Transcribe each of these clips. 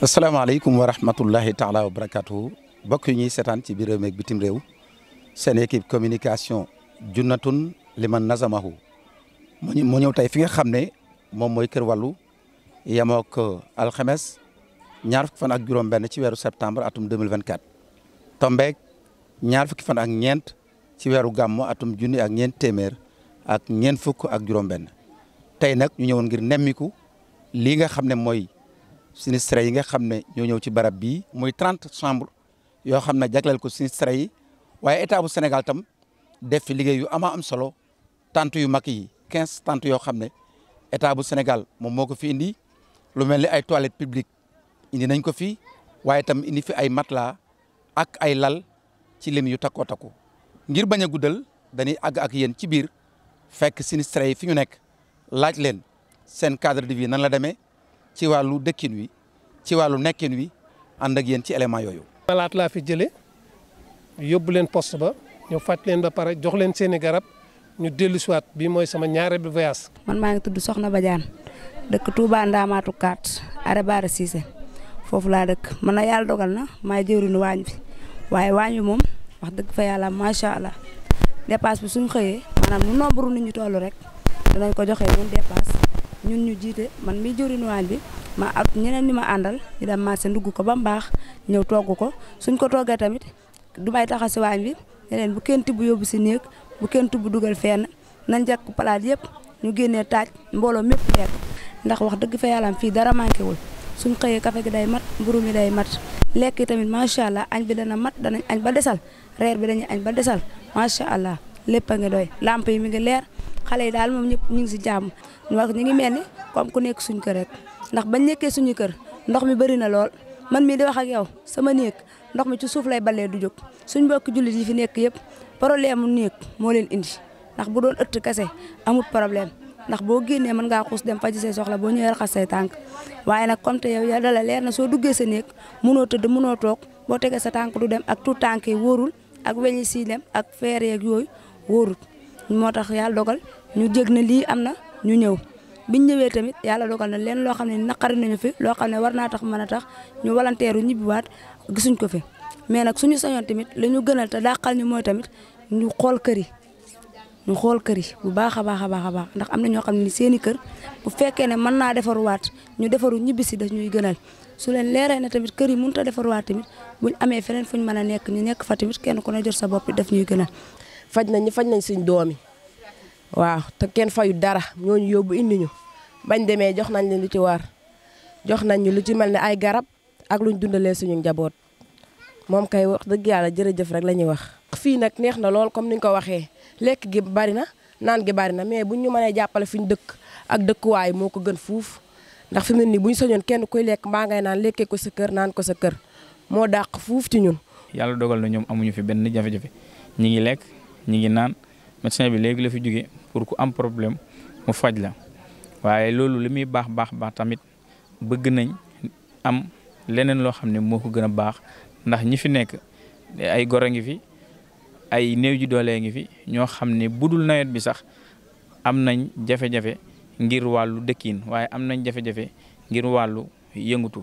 asalaamaaleykum wa rahmatullahi taala wa barakaatu bokk yi ñuy seetaan ci biir réew bitim réew seen équipe communication junnatun liman nazamahu mu mu ñëw tey fi nga xam ne moom mooy kër wallu yemook alxames ñaar fukki fan ak juróom-benn ci weeru septembre atum 2024 tombeek ñaar fukki fan ak ñeent ci weeru gàmmu atum junni ak ñeent téeméer ak ñeent fukk ak juróom-benn. tey nag ñu ñëwoon ngir nemmiku lii nga xam ne mooy sinistre yi nga xam ne ñoo ñëw ci barab bii muy trente chambres yoo xam ne jagleel ko sinistre yi waaye état bu Sénégal tam def fi liggéey yu ama am solo tente yu mag yi quinze tente yoo xam ne état bu Sénégal moom moo ko fi indi lu mel ni ay toilettes publiques indi nañ ko fi waaye tam indi fi ay matelas ak ay lal ci lim yu takkoo takku ngir bañ a guddal dañuy àgg ak yéen ci biir fekk sinistre yi fi ñu nekk laaj leen seen cadre de vie nan la demee ci wàllu dëkkin wi ci wàllu nekkin wi ànd ak yéen ci élément yooyu. malaat laa fi jëlee yóbbu leen poste ba ñu faj leen ba pare jox leen seeni garab ñu dellu siwaat bi mooy sama ñaareelu voyage. man maa ngi tudd Soxna bajaan dëkk Touba Ndamatou 4 Arebaare Cissé foofu laa dëkk man na yàlla dogal na maa jëwriñu waañ bi waaye waañ bi moom wax dëgg fa yàlla macha allah dépasse bi suñu xëyee maanaam nu nombre nit ñu toll rek. danañ ko joxe ñun dépasse ñun ñu jiite man mi jëriñu waañ bi ma ak ñeneen ñi ma àndal ñu dem marché ndugg ko ba mu baax ñëw togg ko suñ ko toggee tamit du may taxa si waañ bi bu kenn tibb yóbbu si néeg bu kenn tibb dugal fenn nañ jàkk palaat yëpp ñu génnee taaj mbooloo mépp lekk ndax wax dëgg fa yàllam fii dara manqué wul suñ xëyee kafe gi day mat mburu mi day mat lekk yi tamit macha allah añ bi dana mat danañ añ ba desal reer bi dañuy añ ba desal macha allah lépp a ngi doy lamp mi ngi leer xale yi daal moom ñëpp ñu ngi si jàmm ñu wax ñu ngi mel ni comme ku nekk suñu kër rek ndax ba nekkee suñu kër ndox mi bëri na lool man mii di wax ak yow sama néeg ndox mi ci suuf lay balee du jóg suñ mbokk jullit yi fi nekk yëpp problème mu néeg moo leen indi ndax bu doon ëtt kese amut problème ndax boo génnee mën ngaa xuus dem faji say soxla boo ñëwee raxas say tànk waaye nag comme te yow ya dala leer na soo duggee sa néeg mënoo tëdd mënoo toog boo tegee sa tànk du dem ak tout tànk yi wóorul ak weñi si dem ak feer yeeg yooyu wóorul moo tax yàlla dogal ñu jég ne lii am na ñu ñëw biñ ñëwee tamit yàlla dogal na leen loo xam ne naqari nañu fi loo xam ne war naa tax mën a tax ñu ñibbi waat gisuñ ko fi mais nag suñu sañoon tamit la ñu gënal dàqal ñu mooy tamit ñu xool kër yi ñu xool kër yi bu baax a baax a baax a baax am na ñoo xam ne seen i kër bu fekkee ne mën naa defaruwaat ñu defaru ñibbi si daf ñuy gënal su leen leeree na tamit kër yi mënut a defaruwaat tamit buñ amee fu ñu mën a nekk ñu nekk fa tamit kenn ku ne jot sa bopp daf ñuy gënal faj nañ ñu faj nañ suñ doom yi waaw te kenn fayu dara ñooñu yóbbu indi ñu bañ demee jox nañ leen lu ci war jox nañ ñu lu ci mel ni ay garab ak lu luñ dundalee suñu njaboot moom kay wax dëgg yàlla jërëjëf rek la ñuy wax. fii nag neex na lool comme ni ñu ko waxee lekk gi bari na naan gi bari na mais buñ ñu mënee jàppale fi ñu dëkk ak dëkkuwaay moo ko gën fuuf ndax fi mel ne nii bu ñu soñoon kenn kuy lekk mbaa ngay naan lekkee ko sa kër naan ko sa kër moo dàq fuuf ci ñun. yàlla dogal na ñoom amuñu fi benn jafe-jafe lekk. ñu ngi naan médecin bi léegi la fi jóge pour ku am problème mu faj la waaye loolu li muy baax baax baax tamit bëgg nañ am leneen loo xam ne moo ko gën a baax ndax ñi fi nekk ay goro ngi fi ay néew ji doolee ngi fi ñoo xam ne budul nawet bi sax am nañ jafe-jafe ngir wàllu dëkkiin waaye am nañ jafe-jafe ngir wàllu yëngutu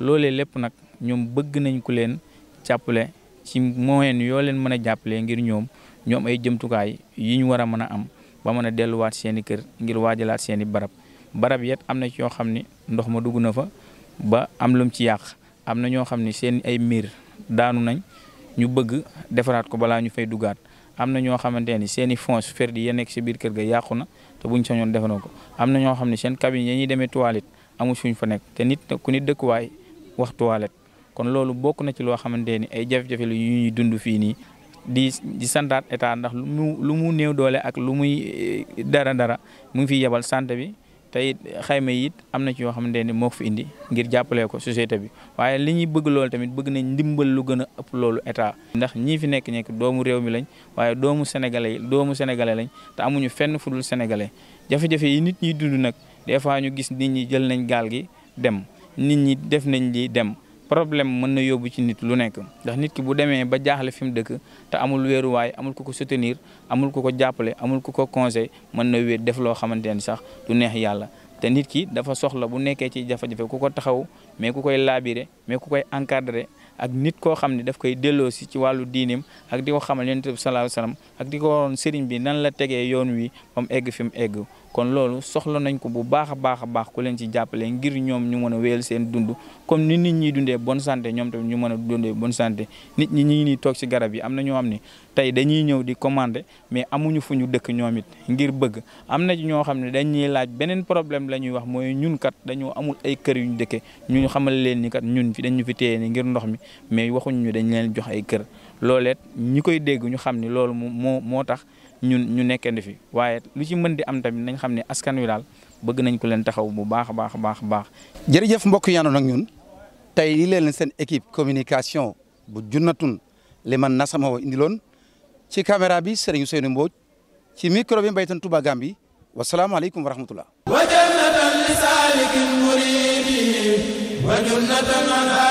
loolee lépp nag ñoom bëgg nañ ku leen jàppale ci moyen yoo leen mën a jàppale ngir ñoom ñoom ay jëmtukaay yi ñu war a mën a am ba mën a delluwaat seen i kër ngir waajalaat seeni barab barab yet am na ci yoo xam ni ndox ma dugg na fa ba am lum ci yàq am na ñoo xam ni seen ay miir daanu nañ ñu bëgg defaraat ko balaa ñu fay dugaat am na ñoo xamante ni seen i fonce ferdi ya nekk si biir kër ga yàqu na te buñ sañoon defaroo ko am na ñoo xam ne seen cabine ya ñuy demee toilette amu suñ fa nekk te nit ku nit dëkkuwaay wax toilette kon loolu bokk na ci loo xamante ni ay jafe-jafe la yu ñuy dund fii nii di santaat état ndax lu mu lu mu néew doole ak lu muy eh, dara dara mu ngi fiy yebal santé bi tey it xayma it am na ci yoo xamante ne moo fi indi ngir jàppalee ko société bi waaye li ñuy bëgg loolu tamit bëgg nañ ndimbal lu gën a ëpp loolu état. ndax ñii fi nekk nekk doomu réew mi lañ waaye doomu sénégalais doomu sénégalais lañ te amuñu fenn fudul sénégalais jafe-jafe yi nit ñi dund nag des fois ñu gis nit ñi jël nañ gaal gi dem nit ñi def nañ li dem. problème mën na yóbbu ci nit lu nekk ndax nit ki bu demee ba jaaxle fi mu dëkk te amul wéeruwaay amul ko ko soutenir amul ko ko jàppale amul ku ko conseil mën na wéet def loo xamante ni sax du neex yàlla te nit ki dafa soxla bu nekkee ci jafe-jafe ku ko taxaw mais ku koy labiré mais ku koy encadré ak nit koo xam ne daf koy delloosi ci wàllu diineem ak di ko xamal yonent bi salaahu salaam ak di ko waroon sëriñ bi nan la tegee yoon wi moom egg fi mu egg kon loolu soxla nañ ko bu baax a baax a baax ku leen ci jàppale ngir ñoom ñu mën a wéyal seen dund comme ni nit ñi dundee bonne santé ñoom tamit ñu mën a dundee bonne santé nit ñi ñu ngi toog ci garab yi am na ñoo xam ne tey dañuy ñëw di commander mais amuñu fu ñu dëkk ñoom it ngir bëgg am na ñoo xam ne dañuy laaj beneen problème la ñuy wax mooy ñun kat dañoo amul ay kër yu ñu ñu xamal leen ni kat ñun fi dañu fi téye ni ngir ndox mi mais waxuñ ñu dañ leen jox ay kër looleet ñi koy dégg ñu xam ni loolu moo moo tax ñun ñu nekkandi fi waaye lu ci mën di am tamit nañ xam ne askan wi daal bëgg nañ ko leen taxaw bu baax a baax a baax a baax. jërëjëf mbokk yi àndoon ak tey li leen seen équipe communication bu junnatun li man nasamawo indiloon ci caméra bi Serigne Ousseynou Mbodj ci micro bi Mbaytan Touba Gambi wasalaamaaleykum wa rahmatullah. wa jannatan li saalikin muridi wa jannatan